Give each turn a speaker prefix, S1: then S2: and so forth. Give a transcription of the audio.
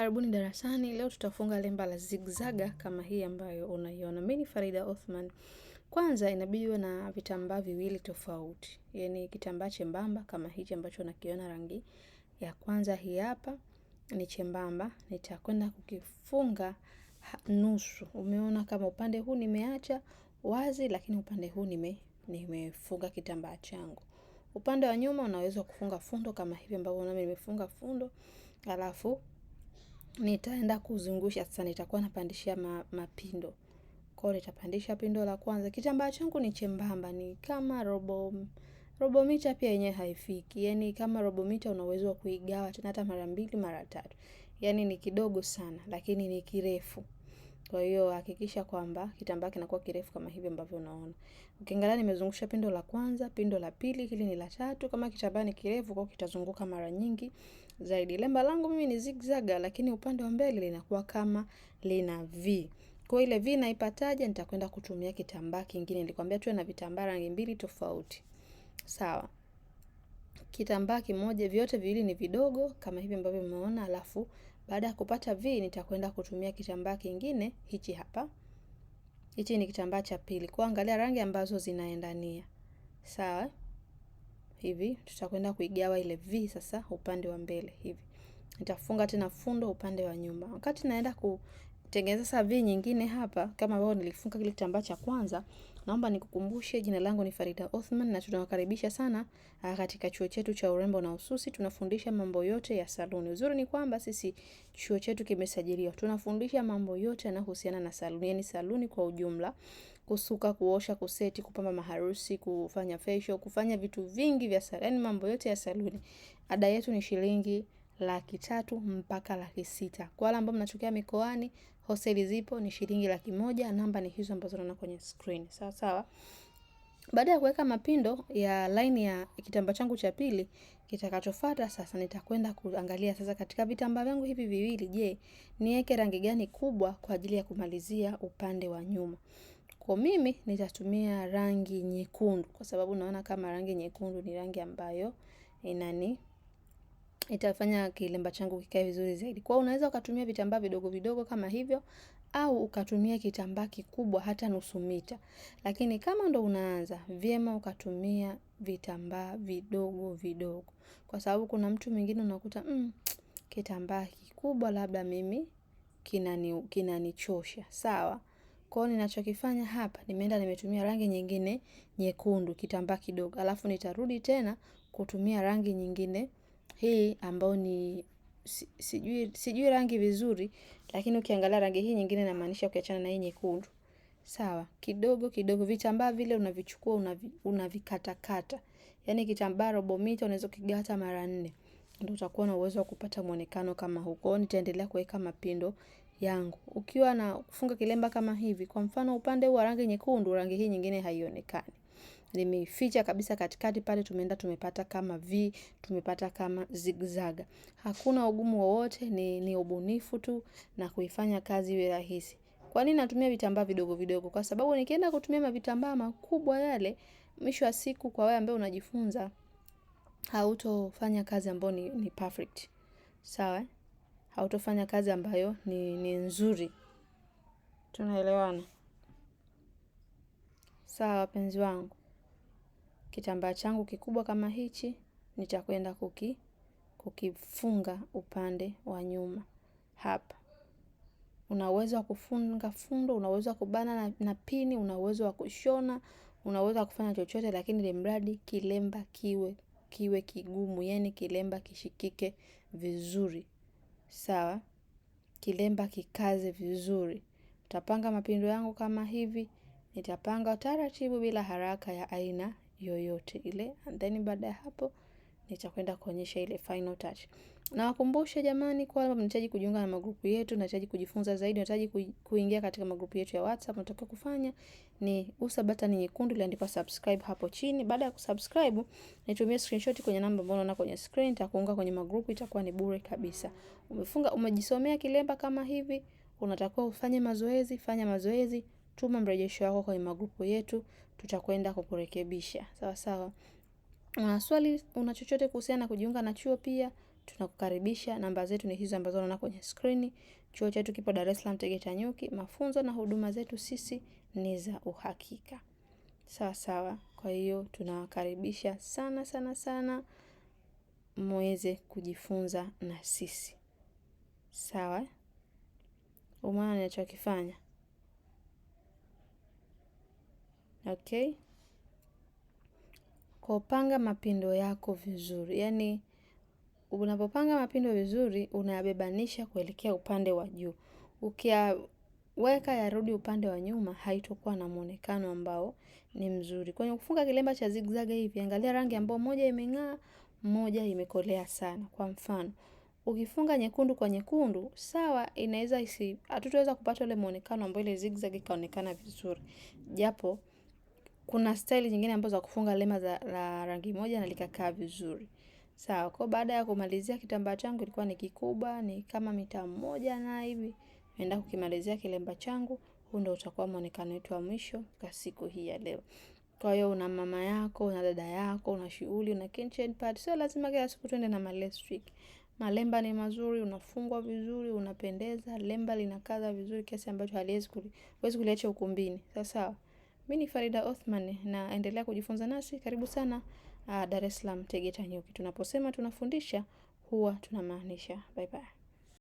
S1: Karibuni darasani. Leo tutafunga lemba la zigzaga kama hii ambayo unaiona. Mimi ni Farida Othman. Kwanza inabidi uwe na vitambaa viwili tofauti, yaani kitambaa chembamba kama hichi ambacho unakiona rangi ya kwanza hii hapa ni chembamba, nitakwenda kukifunga nusu. Umeona kama upande huu nimeacha wazi, lakini upande huu nime nimefunga kitambaa changu. Upande wa nyuma unaweza kufunga fundo kama hivi ambavyo nami nimefunga fundo, alafu nitaenda kuzungusha sasa, nitakuwa napandishia ma, mapindo kwao. Nitapandisha pindo la kwanza. Kitambaa changu ni chembamba, ni kama robo robo mita, pia yenyewe haifiki, yani kama robo mita una uwezo wa kuigawa tena hata mara mbili mara tatu, yani ni kidogo sana, lakini ni kirefu. Kwa hiyo hakikisha kwamba kitambaa kinakuwa kirefu kama hivi ambavyo unaona. Ukiangalia nimezungusha pindo la kwanza, pindo la pili, hili ni la tatu. Kama kitambaa ni kirefu, kwa kitazunguka mara nyingi zaidi. Lemba langu mimi ni zigzag, lakini upande wa mbele linakuwa kama lina V. Kwa ile V naipataje? Nitakwenda kutumia kitambaa kingine. Nilikwambia tuwe na vitambaa rangi mbili tofauti. Sawa. Kitambaa kimoja, vyote viwili ni vidogo kama hivi ambavyo umeona, alafu baada ya kupata V nitakwenda kutumia kitambaa kingine hichi hapa. Hichi ni kitambaa cha pili. Kwa angalia rangi ambazo zinaendania. Sawa? hivi, tutakwenda kuigawa ile v sasa upande wa mbele hivi. Nitafunga tena fundo upande wa nyuma. Wakati naenda kutengeneza sasa v nyingine hapa, kama ambavyo nilifunga kile kitambaa cha kwanza, naomba nikukumbushe, jina langu ni Farida Othman na tunawakaribisha sana ah, katika chuo chetu cha urembo na ususi. Tunafundisha mambo yote ya saluni. Uzuri ni kwamba sisi chuo chetu kimesajiliwa, tunafundisha mambo yote yanayohusiana na saluni, yani saluni kwa ujumla kusuka, kuosha, kuseti, kupamba maharusi, kufanya facial, kufanya vitu vingi vya saluni, yaani mambo yote ya saluni. Ada yetu ni shilingi laki tatu mpaka laki sita. Kwa wale ambao mnatokea mikoani, hosteli zipo ni shilingi laki moja. Namba ni hizo ambazo unaona kwenye screen, sawa sawa. Baada ya kuweka mapindo ya line ya kitambaa changu cha pili, kitakachofuata sasa nitakwenda kuangalia sasa katika vitambaa vyangu hivi viwili, je, niweke rangi gani kubwa kwa ajili ya kumalizia upande wa nyuma. Kwa mimi nitatumia rangi nyekundu kwa sababu naona kama rangi nyekundu ni rangi ambayo inani itafanya kilemba changu kikae vizuri zaidi. Kwa unaweza ukatumia vitambaa vidogo vidogo kama hivyo au ukatumia kitambaa kikubwa hata nusu mita. Lakini kama ndo unaanza, vyema ukatumia vitambaa vidogo vidogo. Kwa sababu kuna mtu mwingine unakuta mm, kitambaa kikubwa labda mimi kinanichosha. Sawa, kwa ninachokifanya hapa, nimeenda nimetumia rangi nyingine nyekundu, kitambaa kidogo, alafu nitarudi tena kutumia rangi nyingine hii ambayo ni sijui, sijui rangi vizuri, lakini ukiangalia rangi hii nyingine inamaanisha ukiachana na hii nyekundu sawa. Kidogo kidogo vitambaa vile unavichukua unavi, unavikatakata, yaani kitambaa robo mita unaweza kigata mara nne, ndio utakuwa na uwezo wa kupata muonekano kama huko. nitaendelea kuweka mapindo yangu. Ukiwa na kufunga kilemba kama hivi, kwa mfano upande huu wa rangi nyekundu, rangi hii nyingine haionekani. Nimeficha kabisa katikati pale, tumeenda tumepata kama V, tumepata kama zigzag. Hakuna ugumu wowote, ni, ni ubunifu tu na kuifanya kazi iwe rahisi. Kwa nini natumia vitambaa vidogo vidogo? Kwa sababu nikienda kutumia mavitambaa makubwa yale, mwisho wa siku kwa wewe ambaye unajifunza hautofanya kazi ambayo ni, ni perfect. Sawa? hautofanya kazi ambayo ni, ni nzuri. Tunaelewana sawa, wapenzi wangu? Kitambaa changu kikubwa kama hichi nitakwenda kuki kukifunga upande wa nyuma hapa. Una uwezo wa kufunga fundo, una uwezo wa kubana na, na pini, una uwezo wa kushona, una uwezo wa kufanya chochote, lakini ile mradi kilemba kiwe kiwe kigumu, yani kilemba kishikike vizuri sawa. Kilemba kikaze vizuri. Utapanga mapindo yangu kama hivi, nitapanga taratibu bila haraka ya aina yoyote ile. And then baada ya hapo nitakwenda kuonyesha ile final touch. Nawakumbusha jamani kwamba mnahitaji kujiunga na magrupu yetu, nahitaji kujifunza zaidi, nahitaji kuingia katika magrupu yetu ya WhatsApp. Mnatakiwa kufanya ni usa button nyekundu iliandikwa subscribe hapo chini. Baada ya kusubscribe, nitumie screenshot kwenye namba ambayo unaona kwenye screen, nitakuunga kwenye magrupu, itakuwa ni bure kabisa. Umefunga, umejisomea kilemba kama hivi, unatakiwa ufanye mazoezi, fanya mazoezi, tuma mrejesho wako kwenye magrupu yetu, tutakwenda kukurekebisha. Sawa sawa una swali, una chochote kuhusiana na kujiunga na chuo pia tunakukaribisha. Namba zetu ni hizo ambazo unaona kwenye skrini. Chuo chetu kipo Dar es Salaam, Tegeta Nyuki. Mafunzo na huduma zetu sisi ni za uhakika, sawa sawa. Kwa hiyo tunawakaribisha sana sana sana muweze kujifunza na sisi, sawa. umana ninachokifanya? Okay. Kwa upanga mapindo yako vizuri, yaani unapopanga mapindo vizuri, unayabebanisha kuelekea upande wa juu. Ukiyaweka yarudi upande wa nyuma, haitokuwa na muonekano ambao ni mzuri. Kwenye kufunga kilemba cha zigzag hivi, angalia rangi ambao moja imeng'aa, moja imekolea sana kwa mfano. Ukifunga nyekundu kwa nyekundu, sawa inaweza isi, hatutaweza kupata ule muonekano ambao ile zigzag ikaonekana vizuri. Japo, kuna staili nyingine ambazo za kufunga lema za la rangi moja na likakaa vizuri. Sawa, kwa baada ya kumalizia kitambaa changu ilikuwa ni kikubwa, ni kama mita moja na hivi. Naenda kukimalizia kilemba changu, huu ndio utakuwa muonekano wetu wa mwisho kwa siku hii ya leo. Kwa hiyo una mama yako, una dada yako, una shughuli, una kitchen party. Sio lazima kila siku tuende na malestrik. Malemba ni mazuri, unafungwa vizuri, unapendeza, lemba linakaza vizuri kiasi ambacho haliwezi kuliacha ukumbini. Sawa sawa. Mimi ni Farida Othman na endelea kujifunza nasi. Karibu sana ah, Dar es Salaam Tegeta Nyuki. Tunaposema tunafundisha huwa tunamaanisha. Bye bye.